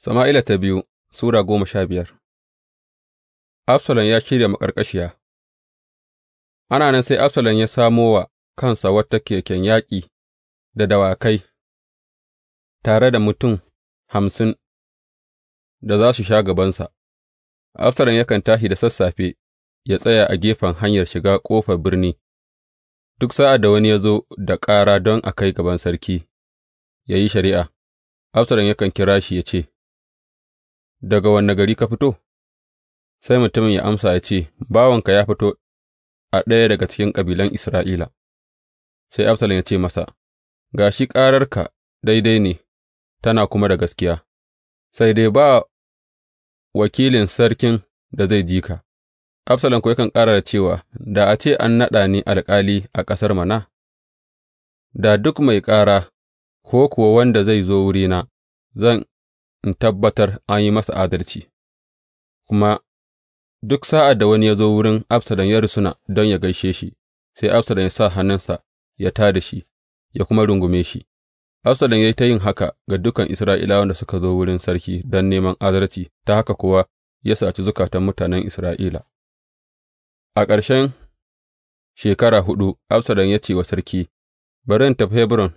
Sama'ila ta biyu Sura goma sha biyar Absalom ya shirya maƙarƙashiya Ana nan sai Absalom ya samo wa kansa wata keken yaƙi da dawakai, tare da mutum hamsin da za su sha gabansa, Absalom yakan tashi da sassafe ya tsaya a gefen hanyar shiga ƙofar birni, duk sa'ad da wani ya zo da ƙara don a kai gaban sarki, ya yi shari'a, Absalom yakan kira shi ya ce, Daga wanne gari ka fito? Sai mutumin ya amsa ya ce, Bawanka ya fito a ɗaya daga cikin kabilan Isra'ila. Sai Absalom ya ce masa, Ga shi ƙararka daidai ne, tana kuma da gaskiya, sai dai ba wakilin sarkin da zai ji ka. Absalom kuwa yakan ƙara da cewa, Da a ce an naɗa ni alƙali a ƙasar mana, da duk mai ƙara ko kuwa wanda zai zo wurina, zan in tabbatar an yi masa adalci, kuma duk sa'ad da wani ya zo wurin Absalom ya rusuna don ya gaishe shi, sai Absalom ya sa hannunsa ya ta da shi, ya kuma rungume shi. Absalom ya yi ta yin haka ga dukan Isra'ilawan da suka zo wurin sarki don neman adalci, ta haka kuwa ya saci zukatan mutanen Isra'ila. A ƙarshen shekara huɗu, Absalom ya ce wa sarki, Bari in tafi Hebron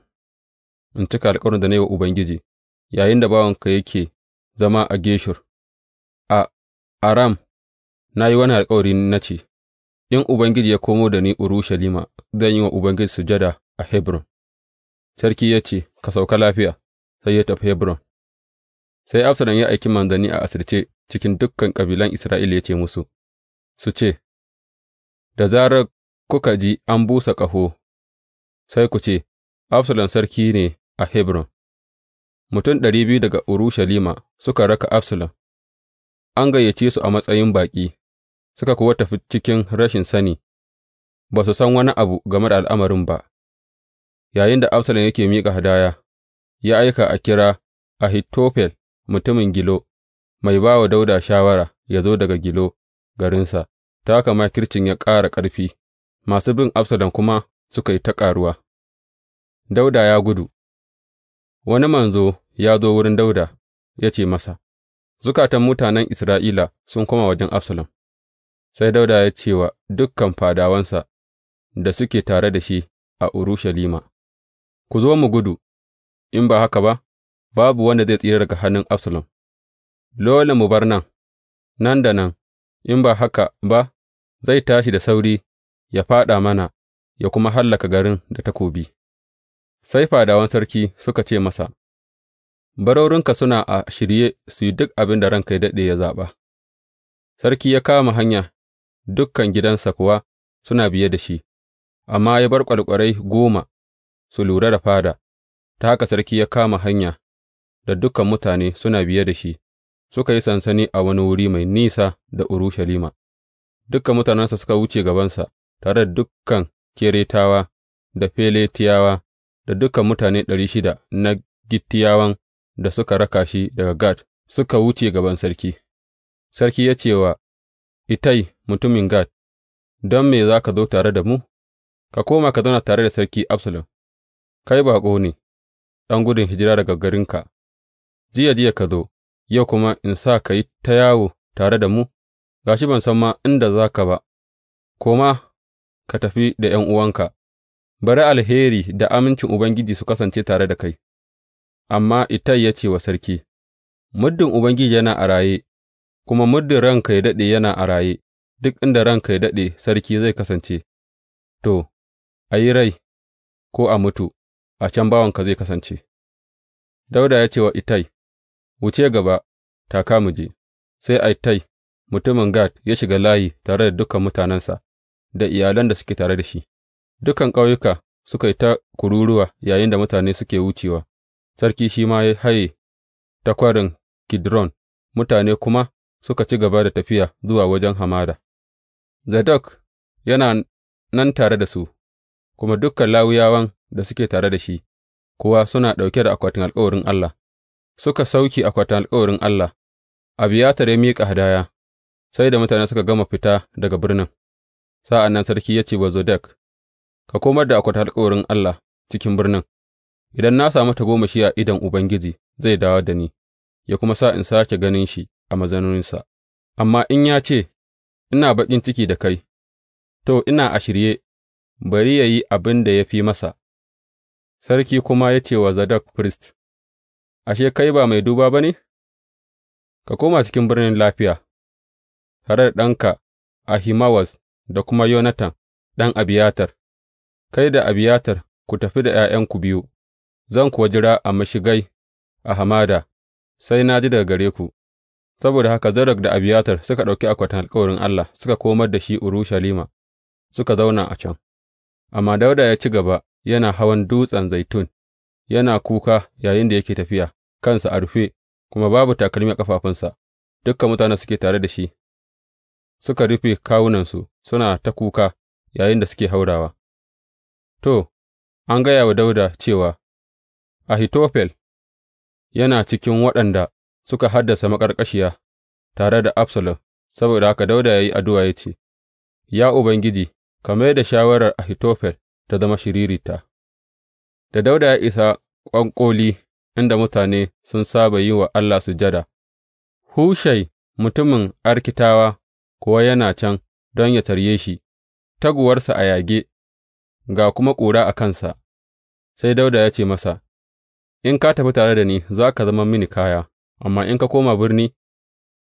in cika alkawarin da na yi wa Ubangiji. yayinda bawanka yake zama a Geshur, a Aram, na yi wani alkawari na ce, In Ubangiji ya komo da ni Urushalima, zan yi wa Ubangiji sujada a Hebron. Sarki ya ce, Ka sauka lafiya, sai ya tafi Hebron. Sai Absalom ya aiki manzanni a asirce cikin dukkan kabilan Isra'ila ya ce musu, Su ce, Da zarar kuka ji an busa ƙaho, sai ku ce, Absalom sarki ne a Hebron. mutum ɗari biyu daga Urushalima suka raka Absalom, an gayyace su a matsayin baƙi, suka kuwa tafi cikin rashin sani, ba su san wani abu game da al'amarin ba, yayinda Absalom yake miƙa hadaya, ya aika a kira Ahitofel mutumin Gilo, mai ba wa Dauda shawara ya zo daga Gilo garinsa, ta haka makircin ya ƙara ƙarfi, masu bin Absalom kuma suka yi ta ƙaruwa. Dauda ya gudu. wani manzo ya zo wurin Dawuda ya ce masa, Zukatan mutanen Isra'ila sun koma wajen Absalom, sai Dawuda ya ce wa dukan fadawansa da suke tare da shi a Urushalima, Ku zo mu gudu, in ba haka ba, babu wanda zai tsira daga hannun Absalom, Lola mu bar nan, nan da nan, in ba haka ba, zai tashi da sauri ya fāɗa mana, ya kuma hallaka garin da takobi. sai fadawan sarki suka ce masa, Barorinka suna a shirye su yi duk abin da ranka ya daɗe ya zaɓa. Sarki ya kama hanya, dukkan gidansa kuwa suna biye da shi, amma ya bar ƙwarƙwarai goma su lura da fada, ta haka sarki ya kama hanya da dukan mutane suna biye da shi, suka yi sansani a wani wuri mai nisa da Urushalima. Dukan mutanensa suka wuce gabansa, tare da dukkan Keretawa da Feletiyawa da dukan mutane ɗari shida na Gittiyawan da suka raka shi daga Gat suka wuce gaban sarki, sarki ya ce wa Itai mutumin Gat, Don me za ka zo tare da mu? Ka koma ka zauna tare da sarki Absalom, kai baƙo ne, ɗan gudun hijira daga garinka, jiya jiya ka zo, yau kuma in sa ka yi ta yawo tare da mu, gashi ban san ma inda za ka ba, koma ka tafi da ’yan uwanka. Bari alheri da amincin Ubangiji su kasance tare da kai, amma Ittai ya ce wa sarki, Muddin Ubangiji yana a raye, kuma muddin ranka ya daɗe yana a raye, duk inda ranka ya daɗe sarki zai kasance, to, a yi rai ko a mutu, a can bawanka zai kasance. Dauda ya ce wa Ittai, Wuce gaba, taka mu je, sai a Ittai mutumin Gad ya shiga layi tare da dukan mutanensa da iyalan da suke tare da shi. dukan ƙauyuka suka yi ta kururuwa yayinda mutane suke wucewa, sarki shi ma ya haye ta kwarin Kidron, mutane kuma suka ci gaba da tafiya zuwa wajen hamada. Zadok yana nan tare da su, kuma dukan Lawiyawan da suke tare da shi kuwa suna ɗauke da akwatin alkawarin Allah, suka sauke akwatin alkawarin Allah, Abiyatar ya miƙa hadaya, sai da mutane suka gama fita daga birnin. Sa'an nan sarki ya ce wa Zodak. Ka komar da akwatin alkawarin Allah cikin birnin, idan na sami tagomashi a idon Ubangiji zai dawo da ni, ya kuma sa in sake ganin shi a mazauninsa, amma in ya ce, Ina baƙin ciki da kai, to, ina a shirye, bari ya yi abin da ya fi masa, sarki kuma ya ce wa Zadok firist, Ashe, kai ba mai duba ba ne? Ka koma cikin birnin lafiya, tare da ɗanka Ahimawaz da kuma Yonatan ɗan Abiyatar. Kai da Abiyatar ku tafi da ’ya'yanku biyu, zan kuwa jira a mashigai a hamada sai na ji daga gare ku. Saboda haka Zadok da Abiyatar suka ɗauki akwatin alkawarin Allah suka komar da shi Urushalima suka zauna a can, amma Dawuda ya ci gaba yana hawan Dutsen Zaitun, yana kuka yayin da yake tafiya, kansa a rufe, kuma babu takalmi a ƙafafunsa, dukan mutane suke tare da shi suka rufe kawunansu suna ta kuka yayin da suke haurawa. To, an gaya wa Dawuda cewa, Ahitofel yana cikin waɗanda suka haddasa maƙarƙashiya tare da Absalom, saboda haka Dawuda ya yi addu'a ya ce, Ya Ubangiji, ka mai da shawarar Ahitofel ta zama shiririta. Da Dawuda ya isa ƙwanƙoli inda mutane sun saba yi wa Allah sujada, Hushai mutumin Arkitawa kuwa yana can don ya tarye shi, taguwarsa a yage. ga kuma ƙura a kansa, sai Dawuda ya ce masa, In ka tafi tare da ni, za ka zama mini kaya, amma in ka koma birni,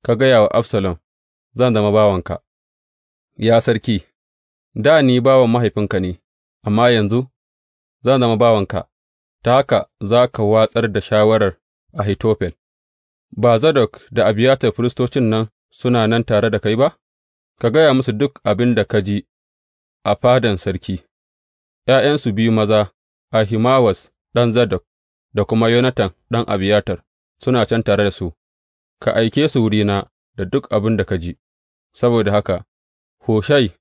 ka gaya wa Absalom, zan zama bawanka, ya sarki, da ni bawan mahaifinka ne, amma yanzu zan zama bawanka, ta haka za ka watsar da shawarar Ahitofel, ba Zadok da Abiyatar firistocin nan suna nan tare da kai ba? Ka gaya musu duk abin da ka ji a fadan sarki. ’Ya'yansu biyu maza, Ahimawas ɗan Zadok da kuma Yonatan ɗan Abiyatar, suna can tare da su, ka aike su wurina da duk abin da ka ji, saboda haka Hushai,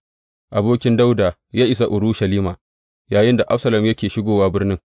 abokin Dawuda, ya isa Urushalima yayinda Absalom yake shigowa birnin.